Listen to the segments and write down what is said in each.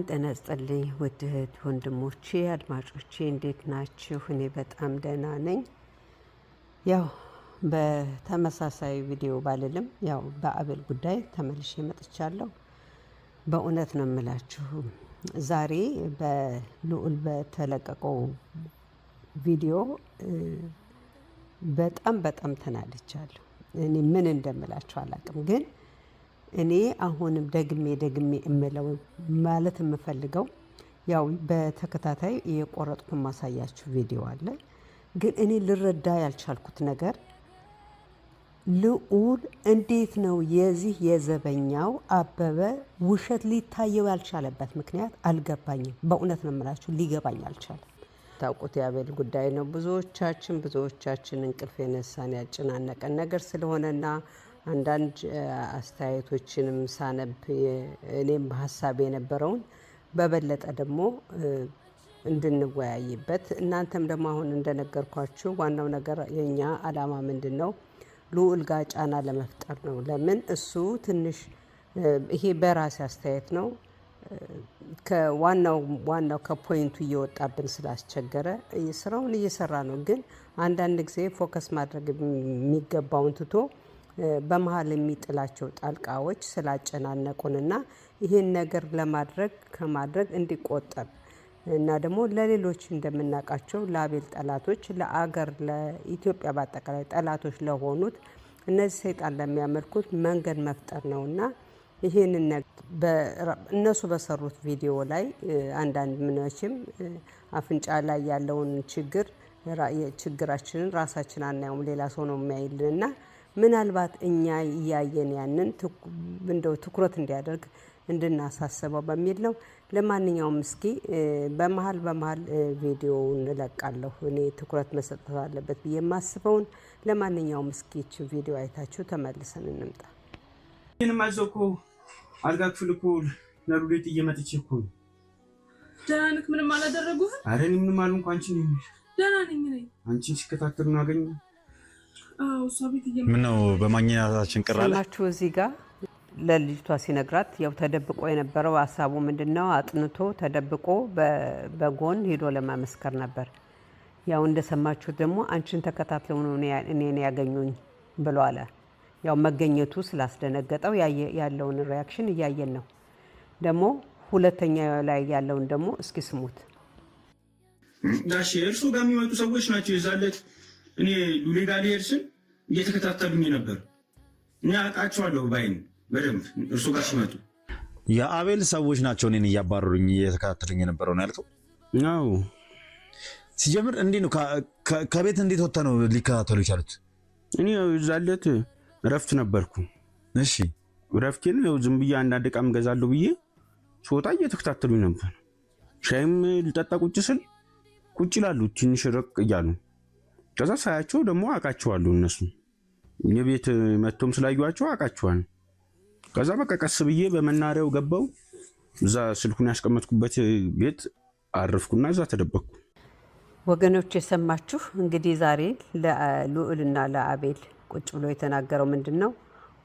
ሰላም ጤና ይስጥልኝ ውድ እህት ወንድሞቼ አድማጮቼ እንዴት ናችሁ? እኔ በጣም ደህና ነኝ። ያው በተመሳሳይ ቪዲዮ ባልልም ያው በአቤል ጉዳይ ተመልሼ መጥቻለሁ። በእውነት ነው የምላችሁ ዛሬ በልዑል በተለቀቀው ቪዲዮ በጣም በጣም ተናድቻለሁ። እኔ ምን እንደምላችሁ አላውቅም ግን እኔ አሁንም ደግሜ ደግሜ እምለው ማለት የምፈልገው ያው በተከታታይ የቆረጥኩ ማሳያችሁ ቪዲዮ አለ። ግን እኔ ልረዳ ያልቻልኩት ነገር ልዑል እንዴት ነው የዚህ የዘበኛው አበበ ውሸት ሊታየው ያልቻለበት ምክንያት አልገባኝም። በእውነት ነው የምላችሁ ሊገባኝ አልቻለም። ታውቁት የአቤል ጉዳይ ነው ብዙዎቻችን ብዙዎቻችን እንቅልፍ የነሳን ያጨናነቀን ነገር ስለሆነና አንዳንድ አስተያየቶችንም ሳነብ እኔም በሀሳብ የነበረውን በበለጠ ደግሞ እንድንወያይበት እናንተም ደግሞ አሁን እንደነገርኳችሁ ዋናው ነገር የኛ አላማ ምንድን ነው? ልዑል ጋ ጫና ለመፍጠር ነው። ለምን እሱ ትንሽ ይሄ በራሴ አስተያየት ነው። ከዋናው ዋናው ከፖይንቱ እየወጣብን ስላስቸገረ ስራውን እየሰራ ነው። ግን አንዳንድ ጊዜ ፎከስ ማድረግ የሚገባውን ትቶ በመሀል የሚጥላቸው ጣልቃዎች ስላጨናነቁንና ይህን ነገር ለማድረግ ከማድረግ እንዲቆጠብ እና ደግሞ ለሌሎች እንደምናውቃቸው ለአቤል ጠላቶች ለአገር ለኢትዮጵያ በአጠቃላይ ጠላቶች ለሆኑት እነዚህ ሰይጣን ለሚያመልኩት መንገድ መፍጠር ነው ነውና ይህንን እነሱ በሰሩት ቪዲዮ ላይ አንዳንድ ምኖችም አፍንጫ ላይ ያለውን ችግር ችግራችንን ራሳችን አናየውም፣ ሌላ ሰው ነው የሚያይልንና ምናልባት እኛ እያየን ያንን እንደው ትኩረት እንዲያደርግ እንድናሳስበው በሚል ነው። ለማንኛውም እስኪ በመሀል በመሀል ቪዲዮውን እለቃለሁ እኔ ትኩረት መሰጠት አለበት ብዬ የማስበውን። ለማንኛውም እስኪ ይችን ቪዲዮ አይታችሁ ተመልሰን እንምጣ። ይህን ማዘው አልጋ ክፍል እኮ ለሩሌት እየመጥቼ እኮ ደህና ነህ? ምንም አላደረጉህም? ኧረ ምንም አሉ እንኳ አንቺን ደህና ነኝ። አንቺን ሲከታተሉ ነው አገኘሁ ምነው በማግኘታችን ቅር አላችሁ? እዚህ ጋር ለልጅቷ ሲነግራት ያው ተደብቆ የነበረው ሀሳቡ ምንድን ነው? አጥንቶ ተደብቆ በጎን ሄዶ ለማመስከር ነበር። ያው እንደሰማችሁት ደግሞ አንቺን ተከታትለው ነው እኔን ያገኙኝ ብሎ አለ። ያው መገኘቱ ስላስደነገጠው ያለውን ሪያክሽን እያየን ነው። ደግሞ ሁለተኛ ላይ ያለውን ደግሞ እስኪ ስሙት። እሺ፣ እርሱ ጋር የሚመጡ ሰዎች ናቸው የዛለት እኔ ሉሌ ጋር ልሄድ እየተከታተሉኝ ነበር እኔ አውቃቸዋለሁ ባይን በደንብ እርሱ ጋር ሲመጡ የአቤል ሰዎች ናቸው እኔን እያባረሩኝ እየተከታተሉኝ የነበረው ነው ያልከው? ው ሲጀምር እንዲህ ነው። ከቤት እንዴት ወጥተህ ነው ሊከታተሉ ይቻሉት? እኔ ዛለት እረፍት ነበርኩ። እሺ፣ እረፍቴን ነው ዝም ብዬ አንዳንድ ዕቃም እገዛለሁ ብዬ ስወጣ እየተከታተሉኝ ነበር። ሻይም ልጠጣ ቁጭ ስል ቁጭ ይላሉ ትንሽ ረቅ እያሉ ከዛ ሳያቸው ደግሞ አውቃቸዋለሁ እነሱ ቤት መጥቶም ስላዩቸው አውቃቸዋል። ከዛ በቃ ቀስ ብዬ በመናሪያው ገባው። እዛ ስልኩን ያስቀመጥኩበት ቤት አረፍኩና እዛ ተደበቅኩ። ወገኖች የሰማችሁ እንግዲህ ዛሬ ለልዑልና ለአቤል ቁጭ ብሎ የተናገረው ምንድን ነው?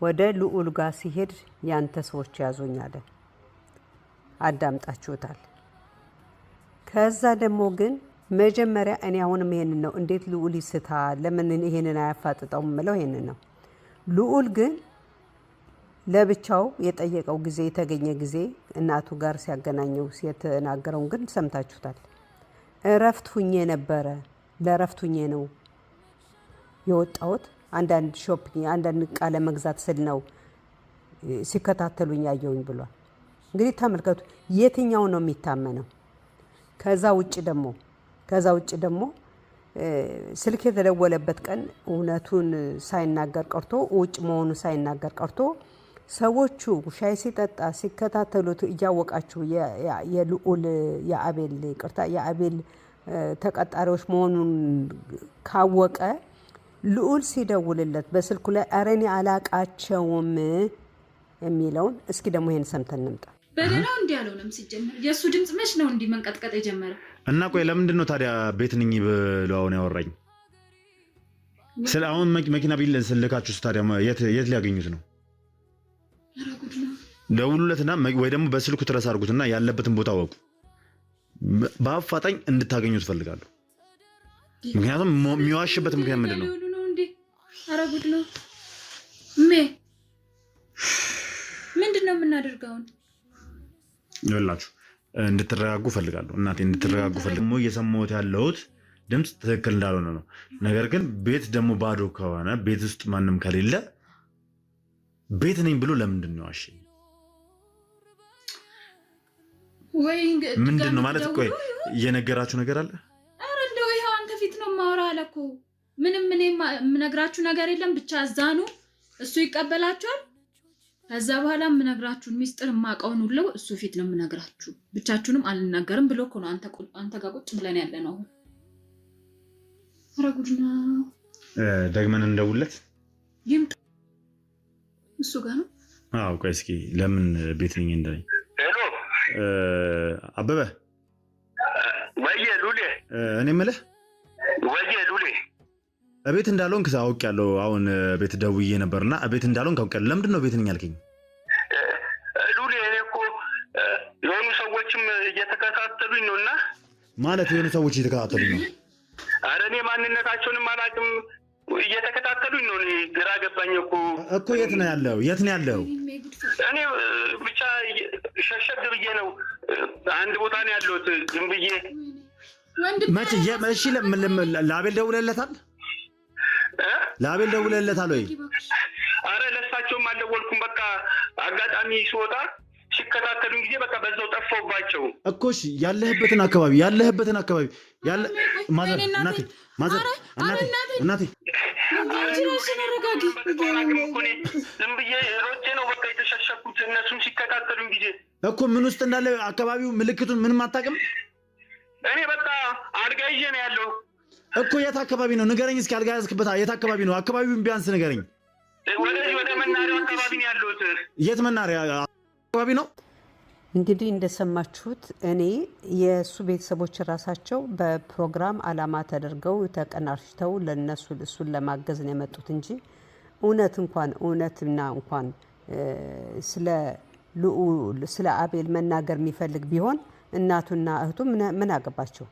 ወደ ልዑል ጋር ሲሄድ ያንተ ሰዎች ያዞኝ አለ። አዳምጣችሁታል። ከዛ ደግሞ ግን መጀመሪያ እኔ አሁንም ይሄንን ነው እንዴት ልዑል ይስታ ለምን ይሄንን አያፋጥጠውም ምለው ይሄንን ነው። ልዑል ግን ለብቻው የጠየቀው ጊዜ የተገኘ ጊዜ እናቱ ጋር ሲያገናኘው የተናገረውን ግን ሰምታችሁታል። እረፍት ሁኜ ነበረ፣ ለእረፍት ሁኜ ነው የወጣሁት። አንዳንድ ሾፒንግ፣ አንዳንድ ቃለ ለመግዛት ስል ነው ሲከታተሉኝ ያየውኝ ብሏል። እንግዲህ ተመልከቱ፣ የትኛው ነው የሚታመነው? ከዛ ውጭ ደግሞ ከዛ ውጭ ደግሞ ስልክ የተደወለበት ቀን እውነቱን ሳይናገር ቀርቶ ውጭ መሆኑ ሳይናገር ቀርቶ ሰዎቹ ሻይ ሲጠጣ ሲከታተሉት እያወቃችሁ የልዑል የአቤል ቅርታ የአቤል ተቀጣሪዎች መሆኑን ካወቀ ልዑል ሲደውልለት በስልኩ ላይ አረኔ አላቃቸውም የሚለውን እስኪ ደግሞ ይሄን ሰምተን እንምጣ። በሌላው እንዲህ አልሆነም። ሲጀመር የእሱ ድምፅ መች ነው እንዲህ መንቀጥቀጥ የጀመረ? እና ቆይ ለምንድን ነው ታዲያ ቤት ነኝ ብሎ አሁን ያወራኝ? ስለ አሁን መኪና ቢልን ስልካችሁስ ታዲያ የት የት ሊያገኙት ነው? ደውሉለትና ወይ ደግሞ በስልኩ ትረስ አድርጉትና ያለበትን ቦታ ወቁ። በአፋጣኝ እንድታገኙ ትፈልጋለሁ። ምክንያቱም የሚዋሽበት ምክንያት ምንድን ነው? ምንድን ነው የምናደርገውን ይላችሁ እንድትረጋጉ ፈልጋለሁ። እናቴ እንድትረጋጉ ፈልጋለሁ። ደግሞ እየሰማሁት ያለሁት ድምፅ ትክክል እንዳልሆነ ነው። ነገር ግን ቤት ደግሞ ባዶ ከሆነ ቤት ውስጥ ማንም ከሌለ ቤት ነኝ ብሎ ለምንድን ነው አሽ ምንድን ነው ማለት? ቆይ እየነገራችሁ ነገር አለ። ኧረ እንደው ይኸው አንተ ፊት ነው አለ እኮ ምንም እኔ የምነግራችሁ ነገር የለም። ብቻ እዛ ነው እሱ ይቀበላችኋል ከዛ በኋላ የምነግራችሁን ሚስጥር የማውቀውን ሁሉ እሱ ፊት ነው የምነግራችሁ። ብቻችሁንም አልናገርም ብሎ እኮ ነው አንተ ጋር ቁጭ ብለን ያለ ነው። ኧረ ጉድ ነው። ደግመን እንደውለት ይምጣ። እሱ ጋር ነው። አዎ፣ ቆይ እስኪ ለምን ቤት ነኝ እንዳለኝ አበበ እኔ የምልህ እቤት እንዳልሆንክ ያለው አሁን ቤት ደውዬ ነበርና እቤት እንዳልሆንክ አውቄያለሁ። ለምንድን ነው ቤት ነኝ ያልከኝ? ሉል እኔ እኮ የሆኑ ሰዎችም እየተከታተሉኝ ነው እና ማለት የሆኑ ሰዎች እየተከታተሉኝ ነው። አረ እኔ ማንነታቸውንም አላውቅም። እየተከታተሉኝ ነው። ግራ ገባኝ እኮ እኮ። የት ነው ያለው? የት ነው ያለው? እኔ ብቻ ሸሸግ ብዬ ነው አንድ ቦታ ነው ያለሁት። ዝም ብዬ መቼ? እሺ ለአቤል ደውለለታል ለአቤል ደውለለታል ወይ? አረ ለእሳቸውም አልደወልኩም። በቃ አጋጣሚ ሲወጣ ሲከታተሉን ጊዜ በቃ በዛው ጠፋውባቸው እኮ። እሺ ያለህበትን አካባቢ ያለህበትን አካባቢ ማዘር፣ እናቴ ማዘር፣ እናቴ እናቴ ዝም ብዬ ሮጬ ነው በቃ የተሸሸኩት እነሱም ሲከታተሉን ጊዜ እኮ ምን ውስጥ እንዳለ አካባቢው ምልክቱን ምንም አታውቅም። እኔ በቃ አድጋ ይዤ ነው ያለው እኮ የት አካባቢ ነው ንገረኝ እስኪ። አልጋ ያዝክበት የት አካባቢ ነው? አካባቢውን ቢያንስ ንገረኝ። የት መናሪያ አካባቢ ነው? እንግዲህ እንደሰማችሁት እኔ የእሱ ቤተሰቦች ራሳቸው በፕሮግራም አላማ ተደርገው ተቀናርሽተው ለነሱ እሱን ለማገዝ ነው የመጡት እንጂ እውነት እንኳን እውነትና እንኳን ስለ ልዑል ስለ አቤል መናገር የሚፈልግ ቢሆን እናቱና እህቱ ምን አገባቸው?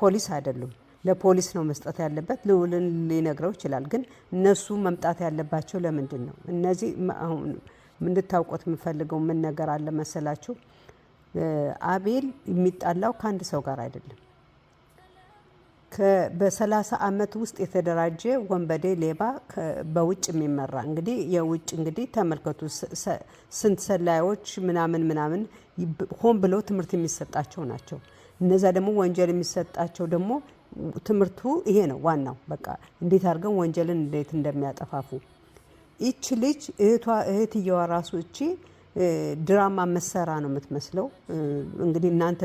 ፖሊስ አይደሉም። ለፖሊስ ነው መስጠት ያለበት። ልውልን ሊነግረው ይችላል። ግን እነሱ መምጣት ያለባቸው ለምንድን ነው? እነዚህ አሁን እንድታውቁት የምፈልገው ምን ነገር አለ መሰላችሁ? አቤል የሚጣላው ከአንድ ሰው ጋር አይደለም። በሰላሳ አመት ውስጥ የተደራጀ ወንበዴ ሌባ በውጭ የሚመራ እንግዲህ የውጭ እንግዲህ ተመልከቱ፣ ስንት ሰላዮች ምናምን ምናምን ሆን ብለው ትምህርት የሚሰጣቸው ናቸው። እነዛ ደግሞ ወንጀል የሚሰጣቸው ደግሞ ትምህርቱ ይሄ ነው ዋናው። በቃ እንዴት አድርገን ወንጀልን እንዴት እንደሚያጠፋፉ ይች ልጅ እህቷ እህትየዋ ራሱ እቺ ድራማ መሰራ ነው የምትመስለው። እንግዲህ እናንተ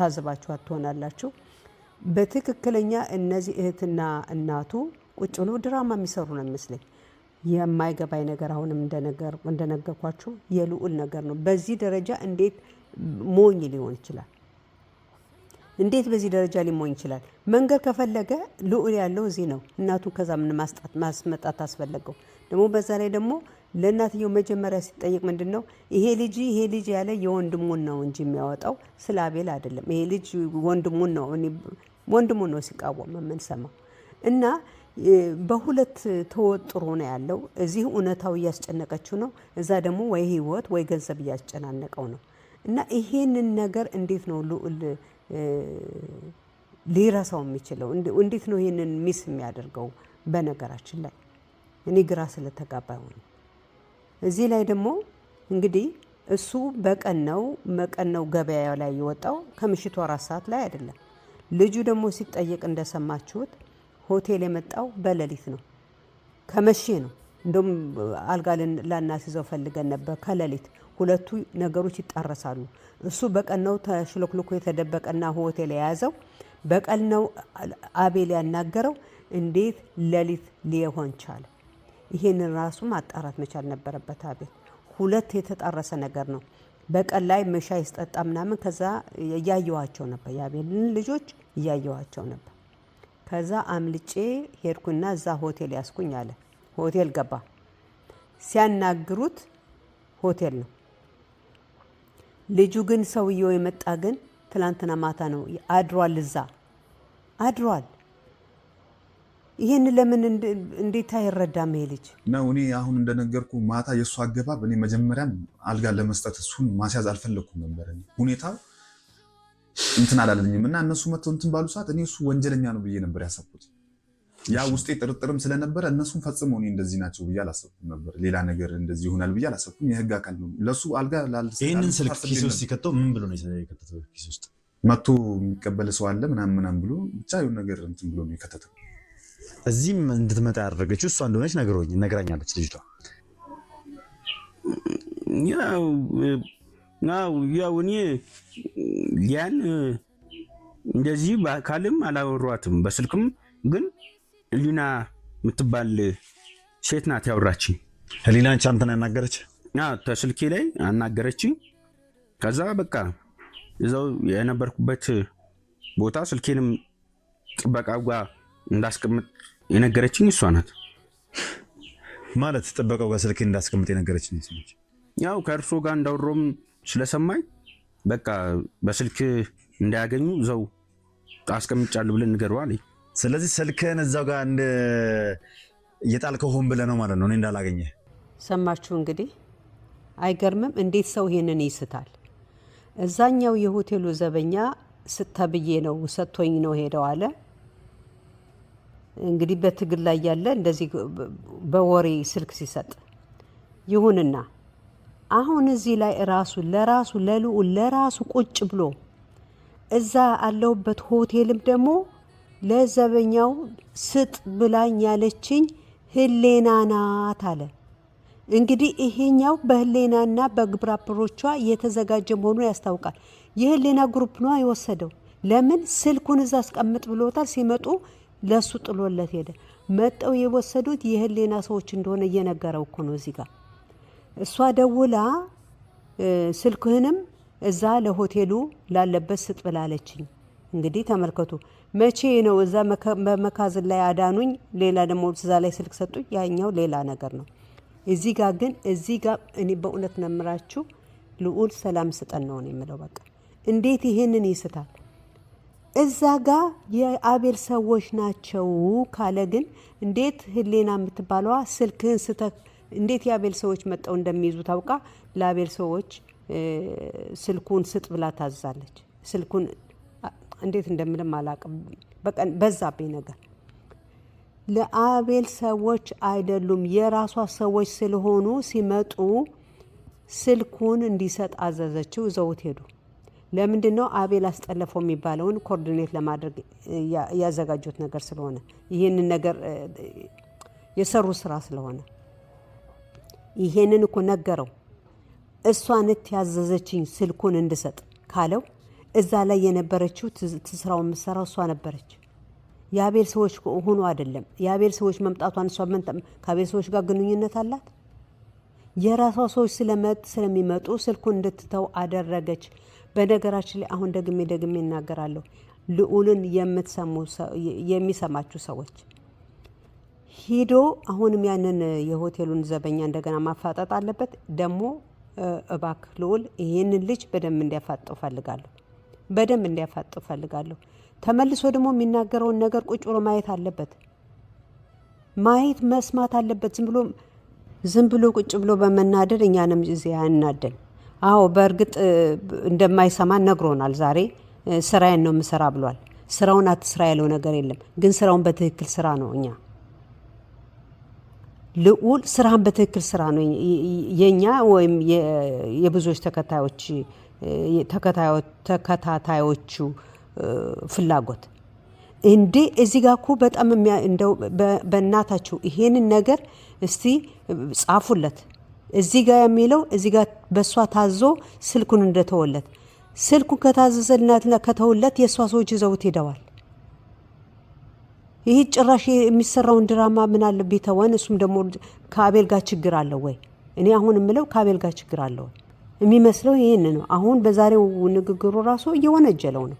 ታዘባችኋት ትሆናላችሁ። በትክክለኛ እነዚህ እህትና እናቱ ቁጭ ብሎ ድራማ የሚሰሩ ነው የሚመስለኝ። የማይገባኝ ነገር አሁንም እንደነገርኳችሁ የልዑል ነገር ነው። በዚህ ደረጃ እንዴት ሞኝ ሊሆን ይችላል? እንዴት በዚህ ደረጃ ሊሞኝ ይችላል? መንገድ ከፈለገ ልዑል ያለው እዚህ ነው። እናቱን ከዛ ምን ማስመጣት አስፈለገው? ደግሞ በዛ ላይ ደግሞ ለእናትየው መጀመሪያ ሲጠየቅ ምንድን ነው ይሄ ልጅ ይሄ ልጅ ያለ የወንድሙን ነው እንጂ የሚያወጣው ስለ አቤል አይደለም። ይሄ ልጅ ወንድሙን ነው ወንድሙን ነው ሲቃወም የምንሰማው እና በሁለት ተወጥሮ ነው ያለው። እዚህ እውነታው እያስጨነቀችው ነው፣ እዛ ደግሞ ወይ ህይወት ወይ ገንዘብ እያስጨናነቀው ነው። እና ይሄንን ነገር እንዴት ነው ልዑል ሊረሳው የሚችለው እንዴት ነው? ይህንን ሚስ የሚያደርገው በነገራችን ላይ እኔ ግራ ስለተጋባ ሆነ። እዚህ ላይ ደግሞ እንግዲህ እሱ በቀን ነው መቀን ነው ገበያ ላይ የወጣው ከምሽቱ አራት ሰዓት ላይ አይደለም። ልጁ ደግሞ ሲጠየቅ እንደሰማችሁት ሆቴል የመጣው በሌሊት ነው፣ ከመቼ ነው እንደውም አልጋ ላናስይዘው ፈልገን ነበር ከሌሊት ሁለቱ ነገሮች ይጣረሳሉ። እሱ በቀል ነው ተሽሎክልኮ የተደበቀና ሆቴል የያዘው በቀል ነው አቤል ያናገረው። እንዴት ሌሊት ሊሆን ቻለ? ይሄንን ራሱ ማጣራት መቻል ነበረበት አቤል። ሁለት የተጣረሰ ነገር ነው። በቀን ላይ መሻ ስጠጣ ምናምን ከዛ እያየዋቸው ነበር፣ የአቤልን ልጆች እያየዋቸው ነበር። ከዛ አምልጬ ሄድኩና እዛ ሆቴል ያስኩኝ አለ። ሆቴል ገባ። ሲያናግሩት ሆቴል ነው ልጁ ግን ሰውየው የመጣ ግን ትላንትና ማታ ነው። አድሯል፣ እዛ አድሯል። ይህን ለምን እንዴት አይረዳም ይሄ ልጅ ነው? እኔ አሁን እንደነገርኩ ማታ የእሱ አገባብ እኔ መጀመሪያም አልጋ ለመስጠት እሱን ማስያዝ አልፈለግኩም ነበር። ሁኔታው እንትን አላለኝም እና እነሱ መጥተው እንትን ባሉ ሰዓት እኔ እሱ ወንጀለኛ ነው ብዬ ነበር ያሰብኩት። ያ ውስጤ ጥርጥርም ስለነበረ እነሱም ፈጽሞ እኔ እንደዚህ ናቸው ብዬ አላሰብኩም ነበር። ሌላ ነገር እንደዚህ ይሆናል ብዬ አላሰብኩም። የህግ አካል ነው ለሱ አልጋ ይህንን ስልክ ኪስ ውስጥ ሲከተው ምን ብሎ ነው የከተተው? ኪስ ውስጥ መቶ የሚቀበል ሰው አለ ምናምን ምናምን ብሎ ብቻ የሆነ ነገር እንትን ብሎ ነው የከተተው። እዚህም እንድትመጣ ያደረገችው እሷ እንደሆነች ነግሮኝ ነግራኛለች ልጅቷ። ያው እኔ ያን እንደዚህ በአካልም አላወሯትም በስልክም ግን ሊና የምትባል ሴት ናት ያወራችኝ። ህሊና አንቺ አንተን ያናገረች ተስልኬ ላይ አናገረች። ከዛ በቃ እዛው የነበርኩበት ቦታ ስልኬንም ጥበቃ ጋር እንዳስቀምጥ የነገረችኝ እሷ ናት። ማለት ጥበቃው ጋር ስልኬን እንዳስቀምጥ የነገረችኝ ያው ከእርሶ ጋር እንዳወሮም ስለሰማኝ በቃ በስልክ እንዳያገኙ እዛው አስቀምጫለሁ ብለን ንገረዋል። ስለዚህ ስልክህን እዛው ጋር እየጣልከው ሆን ብለህ ነው ማለት ነው፣ እኔ እንዳላገኘ። ሰማችሁ እንግዲህ አይገርምም? እንዴት ሰው ይሄንን ይስታል? እዛኛው የሆቴሉ ዘበኛ ስተብዬ ነው ሰጥቶኝ ነው ሄደው አለ። እንግዲህ በትግል ላይ ያለ እንደዚህ በወሬ ስልክ ሲሰጥ ይሁንና አሁን እዚህ ላይ ራሱ ለራሱ ለልዑል ለራሱ ቁጭ ብሎ እዛ አለሁበት ሆቴልም ደግሞ ለዘበኛው ስጥ ብላኝ ያለችኝ ህሌና ናት አለ። እንግዲህ ይሄኛው በህሌናና በግብራፕሮቿ የተዘጋጀ መሆኑን ያስታውቃል። የህሌና ግሩፕ ነው የወሰደው። ለምን ስልኩን እዛ አስቀምጥ ብሎታል። ሲመጡ ለሱ ጥሎለት ሄደ። መጠው የወሰዱት የህሌና ሰዎች እንደሆነ እየነገረው እኮ ነው እዚህ ጋር። እሷ ደውላ ስልክህንም እዛ ለሆቴሉ ላለበት ስጥ ብላለችኝ። እንግዲህ ተመልከቱ። መቼ ነው እዛ በመካዝን ላይ አዳኑኝ፣ ሌላ ደግሞ እዛ ላይ ስልክ ሰጡኝ፣ ያኛው ሌላ ነገር ነው። እዚህ ጋ ግን እዚህ ጋ እኔ በእውነት ነምራችሁ ልዑል ሰላም ስጠን ነው የምለው። በቃ እንዴት ይህንን ይስታል? እዛ ጋ የአቤል ሰዎች ናቸው ካለ ግን እንዴት ህሌና የምትባለዋ ስልክህን ስተህ እንዴት የአቤል ሰዎች መጠው እንደሚይዙ ታውቃ ለአቤል ሰዎች ስልኩን ስጥ ብላ ታዛለች። ስልኩን እንዴት እንደምልም አላቅም። በቀን በዛብኝ ነገር ለአቤል ሰዎች አይደሉም የራሷ ሰዎች ስለሆኑ ሲመጡ ስልኩን እንዲሰጥ አዘዘችው። ዘውት ሄዱ። ለምንድን ነው አቤል አስጠለፈው የሚባለውን ኮርዲኔት ለማድረግ ያዘጋጁት ነገር ስለሆነ ይህንን ነገር የሰሩ ስራ ስለሆነ ይሄንን እኮ ነገረው። እሷ ንት ያዘዘችኝ ስልኩን እንድሰጥ ካለው እዛ ላይ የነበረችው ትስራው የምትሰራው እሷ ነበረች። የአቤል ሰዎች ሆኖ አይደለም። የአቤል ሰዎች መምጣቷን እሷ ከአቤል ሰዎች ጋር ግንኙነት አላት። የራሷ ሰዎች ስለመጥ ስለሚመጡ ስልኩን እንድትተው አደረገች። በነገራችን ላይ አሁን ደግሜ ደግሜ እናገራለሁ። ልዑልን የምትሰሙ የሚሰማችሁ ሰዎች ሂዶ አሁንም ያንን የሆቴሉን ዘበኛ እንደገና ማፋጠጥ አለበት። ደግሞ እባክ ልዑል ይህንን ልጅ በደንብ እንዲያፋጠው ፈልጋለሁ። በደንብ እንዲያፋጥ እፈልጋለሁ። ተመልሶ ደግሞ የሚናገረውን ነገር ቁጭ ብሎ ማየት አለበት፣ ማየት መስማት አለበት። ዝም ብሎ ዝም ብሎ ቁጭ ብሎ በመናደድ እኛንም ጊዜ ያናደን። አዎ በእርግጥ እንደማይሰማን ነግሮናል። ዛሬ ስራዬን ነው የምሰራ ብሏል። ስራውን አትስራ ያለው ነገር የለም፣ ግን ስራውን በትክክል ስራ ነው እኛ ልዑል ስራን በትክክል ስራ ነው የእኛ ወይም የብዙዎች ተከታዮች ተከታታዮቹ ፍላጎት እንዴ እዚህ ጋር እኮ በጣም እንደው በእናታችሁ ይሄንን ነገር እስቲ ጻፉለት። እዚህ ጋር የሚለው እዚህ ጋር በእሷ ታዞ ስልኩን እንደተወለት ስልኩን ከታዘዘልናትና ከተውለት የእሷ ሰዎች ይዘውት ሄደዋል። ይህ ጭራሽ የሚሰራውን ድራማ ምን አለ ቤተወን እሱም ደግሞ ከአቤል ጋር ችግር አለው ወይ? እኔ አሁን የምለው ከአቤል ጋር ችግር አለው ወይ? የሚመስለው ይህን ነው። አሁን በዛሬው ንግግሩ ራሱ እየወነጀለው ነው።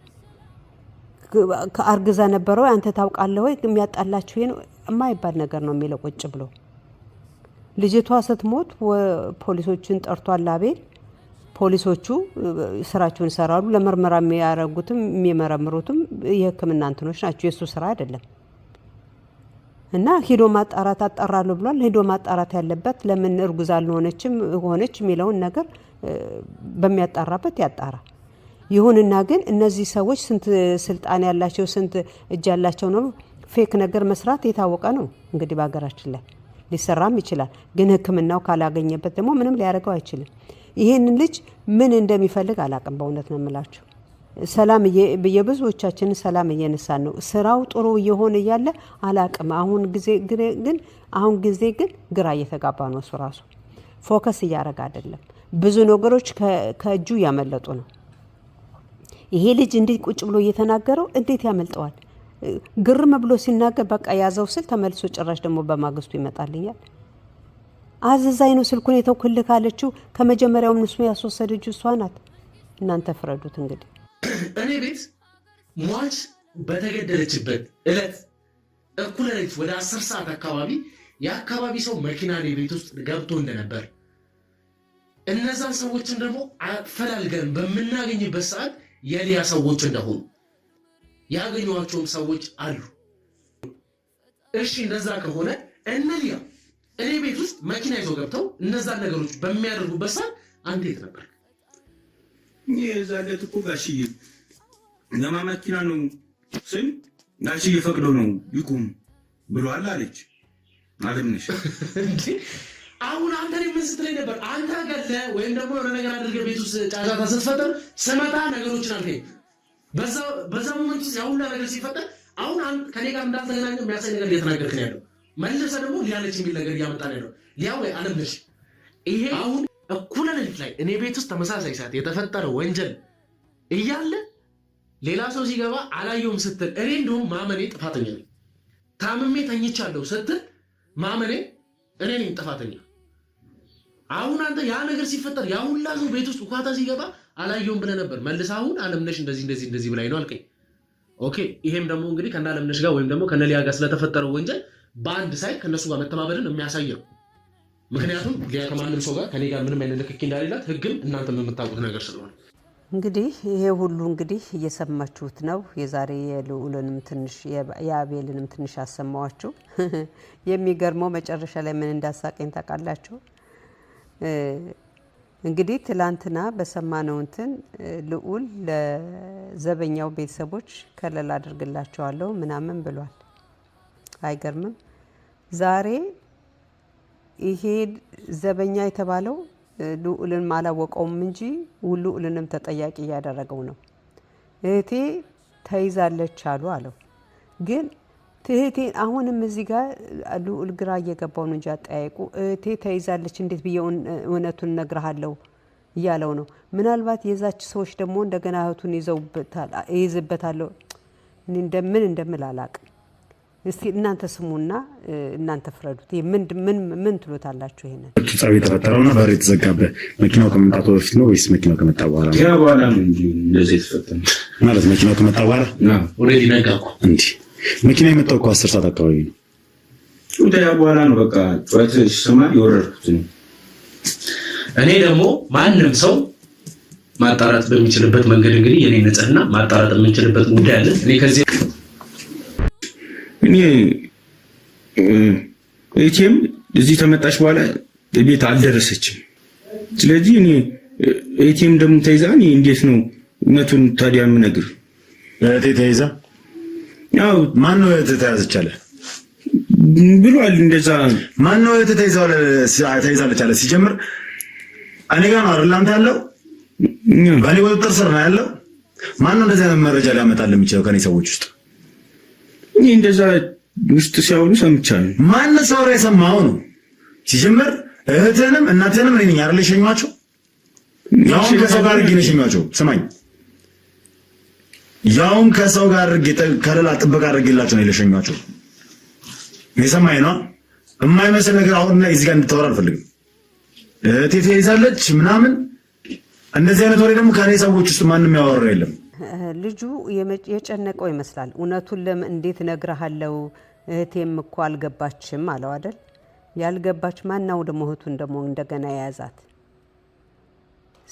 ከአርግዛ ነበረ ወይ አንተ ታውቃለህ ወይ የሚያጣላችሁ ይሄ ነው የማይባል ነገር ነው የሚለው ቁጭ ብሎ። ልጅቷ ስትሞት ፖሊሶችን ጠርቷል አቤል። ፖሊሶቹ ስራቸውን ይሰራሉ። ለምርመራ የሚያደርጉትም የሚመረምሩትም የሕክምና እንትኖች ናቸው፣ የእሱ ስራ አይደለም። እና ሂዶ ማጣራት አጣራሉ ብሏል። ሂዶ ማጣራት ያለበት ለምን እርጉዝ አልሆነችም ሆነች የሚለውን ነገር በሚያጣራበት ያጣራ። ይሁንና ግን እነዚህ ሰዎች ስንት ስልጣን ያላቸው ስንት እጅ ያላቸው ነው። ፌክ ነገር መስራት የታወቀ ነው። እንግዲህ በሀገራችን ላይ ሊሰራም ይችላል። ግን ሕክምናው ካላገኘበት ደግሞ ምንም ሊያደርገው አይችልም። ይህንን ልጅ ምን እንደሚፈልግ አላቅም። በእውነት ነው የምላቸው። ሰላም የብዙዎቻችንን ሰላም እየነሳን ነው። ስራው ጥሩ እየሆነ እያለ አላቅም። አሁን ጊዜ ግን አሁን ጊዜ ግን ግራ እየተጋባ ነው። እሱ ራሱ ፎከስ እያደረገ አይደለም። ብዙ ነገሮች ከእጁ ያመለጡ ነው። ይሄ ልጅ እንዴት ቁጭ ብሎ እየተናገረው እንዴት ያመልጠዋል? ግርም ብሎ ሲናገር በቃ ያዘው ስል ተመልሶ ጭራሽ ደግሞ በማግስቱ ይመጣልኛል። አዘዛኝ ነው ስልኩን የተውክልህ ካለችው ከመጀመሪያውም ንሱ ያስወሰደች እሷ ናት። እናንተ ፍረዱት እንግዲህ። እኔ ቤት ሟች በተገደለችበት እለት እኩለ ሌሊት ወደ አስር ሰዓት አካባቢ የአካባቢ ሰው መኪና ቤት ውስጥ ገብቶ እንደነበር እነዛን ሰዎችን ደግሞ አፈላልገን በምናገኝበት ሰዓት የሊያ ሰዎች እንደሆኑ ያገኟቸውም ሰዎች አሉ። እሺ እንደዛ ከሆነ እነ ሊያ እኔ ቤት ውስጥ መኪና ይዘው ገብተው እነዛን ነገሮች በሚያደርጉበት ሰዓት አንተ የት ነበር? የዛ ዕለት እኮ ጋሽዬ ለማ መኪና ነው ስል ጋሽዬ ፈቅዶ ነው ይቁም ብሏል አለች አለምነሽ አሁን አንተ ላይ ምን ነበር? አንተ ገለ ወይም ደግሞ የሆነ ነገር አድርገህ ቤት ውስጥ ጫጫታ ስትፈጠር ስመታ ነገሮችን አልከ በዛ በዛ ሞመንት ውስጥ ያሁላ ነገር ሲፈጠር አሁን ከኔ ጋር እንዳልተገናኘ የሚያሳይ ነገር እየተናገርክ ነው ያለው። መልሰ ደግሞ ሊያለች የሚል ነገር እያመጣ ነው ያለው። ሊያ ወይ አለምነሽ፣ ይሄ አሁን እኩለ ሌሊት ላይ እኔ ቤት ውስጥ ተመሳሳይ ሰዓት የተፈጠረ ወንጀል እያለ ሌላ ሰው ሲገባ አላየውም ስትል እኔ እንደውም ማመኔ ጥፋተኛ ነኝ። ታምሜ ተኝቻለሁ ስትል ማመኔ እኔ ነኝ ጥፋተኛ አሁን አንተ ያ ነገር ሲፈጠር ያ ሁላ ሰው ቤት ውስጥ ውካታ ሲገባ አላየውም ብለህ ነበር። መልስ አሁን አለምነሽ እንደዚህ እንደዚህ እንደዚህ ብላኝ ነው አልከኝ። ኦኬ ይሄም ደግሞ እንግዲህ ከነ አለምነሽ ጋር ወይም ደግሞ ከነ ሊያ ጋር ስለተፈጠረው ወንጀል በአንድ ሳይ ከነሱ ጋር መተባበርን የሚያሳይ ነው። ምክንያቱም ሊያ ከማንም ሰው ጋር ከኔ ጋር ምንም አይነት ንክኪ እንዳሌላት ህግም እናንተ የምታውቁት ነገር ስለሆነ እንግዲህ ይሄ ሁሉ እንግዲህ እየሰማችሁት ነው። የዛሬ የልዑልንም ትንሽ የአቤልንም ትንሽ አሰማዋችሁ። የሚገርመው መጨረሻ ላይ ምን እንዳሳቀኝ ታውቃላችሁ? እንግዲህ ትላንትና በሰማነው እንትን ልዑል ለዘበኛው ቤተሰቦች ከለል አድርግላቸዋለሁ ምናምን ብሏል። አይገርምም? ዛሬ ይሄ ዘበኛ የተባለው ልዑልን አላወቀውም እንጂ ልዑልንም ተጠያቂ እያደረገው ነው። እህቴ ተይዛለች አሉ አለው። ግን እህቴ አሁንም እዚህ ጋር ልዑል ግራ እየገባው ነው እንጂ አጠያየቁ እህቴ ተይዛለች እንዴት ብዬ እውነቱን እነግርሃለሁ እያለው ነው። ምናልባት የዛች ሰዎች ደግሞ እንደገና እህቱን ይይዝበታለሁ። እንደምን እንደምል አላቅ። እስቲ እናንተ ስሙና እናንተ ፍረዱት። ምን ትሎታላችሁ? ይሄንን የተፈጠረው የተፈጠረውና በር የተዘጋበት መኪናው ከመምጣቱ በፊት ነው ወይስ መኪናው ከመጣ በኋላ ነው? ያ በኋላ ነው እንደዚህ ማለት መኪናው ከመጣ በኋላ ነጋ እንዲህ መኪና የመጣው እኮ አስር ሰዓት አካባቢ ነው። ወዲያ በኋላ ነው በቃ ጩኸት ስማ የወረድኩት። እኔ ደግሞ ማንም ሰው ማጣራት በሚችልበት መንገድ እንግዲህ የኔ ንጽህና ማጣራት የምንችልበት ጉዳይ አለ። እኔ ከዚህ እኔ ኤቲኤም እዚህ ተመጣች በኋላ ቤት አልደረሰችም። ስለዚህ እኔ ኤቲኤም ደግሞ ተይዛ እኔ እንዴት ነው እውነቱን ታዲያ የምነግር እህቴ ተይዛ ያው ማን ነው እህት ተያዘች አለ ብሏል። እንደዛ ማን ነው እህት ተይዛለች አለ። ሲጀምር እኔ ጋር ነው አይደል አንተ ያለው በእኔ ቁጥጥር ስር ነው ያለው። ማን ነው እንደዚህ አይነት መረጃ ሊያመጣል የሚችለው ከኔ ሰዎች ውስጥ? እኔ እንደዛ ውስጥ ሲያወሩ ሰምቻለሁ። ማን ሰው የሰማው ነው ሲጀምር እህትህንም እናትህንም እኔ ነኝ አይደል የሸኟቸው? ያው ከሰው ጋር ጊዜ ነው የሸኟቸው። ስማኝ ያውም ከሰው ጋር አድርጌ ከለላ ጥበቃ አድርጌላቸው ነው የሸኟቸው። የሰማይ ነው የማይመስል ነገር አሁን እዚህ ጋር እንድታወራ አልፈልግም። እቴቴ ይዛለች ምናምን እንደዚህ አይነት ወሬ ደግሞ ከኔ ሰዎች ውስጥ ማንም ያወራ የለም። ልጁ የጨነቀው ይመስላል። እውነቱን ለም እንዴት እነግርሃለሁ፣ እህቴም እኮ አልገባችም አለው አይደል? ያልገባች ማናው ደግሞ እህቱን ደግሞ እንደገና የያዛት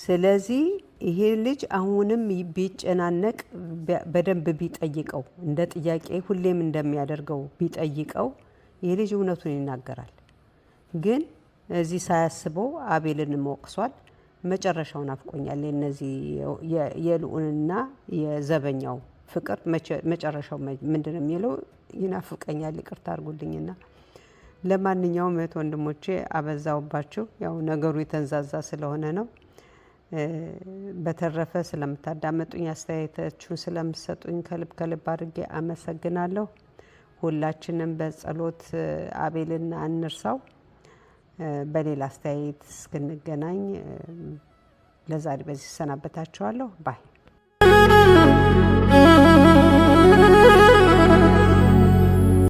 ስለዚህ ይሄ ልጅ አሁንም ቢጨናነቅ በደንብ ቢጠይቀው፣ እንደ ጥያቄ ሁሌም እንደሚያደርገው ቢጠይቀው ይሄ ልጅ እውነቱን ይናገራል። ግን እዚህ ሳያስበው አቤልን መወቅሷል። መጨረሻውን አፍቆኛል። እነዚህ የልዑንና የዘበኛው ፍቅር መጨረሻው ምንድን ነው የሚለው ይናፍቀኛል። ይቅርታ አድርጉልኝና ለማንኛውም እህት ወንድሞቼ አበዛውባቸው። ያው ነገሩ የተንዛዛ ስለሆነ ነው። በተረፈ ስለምታዳመጡኝ አስተያየታችሁን ስለምሰጡኝ ከልብ ከልብ አድርጌ አመሰግናለሁ። ሁላችንም በጸሎት አቤልን አንርሳው። በሌላ አስተያየት እስክንገናኝ ለዛሬ በዚህ እሰናበታችኋለሁ ባይ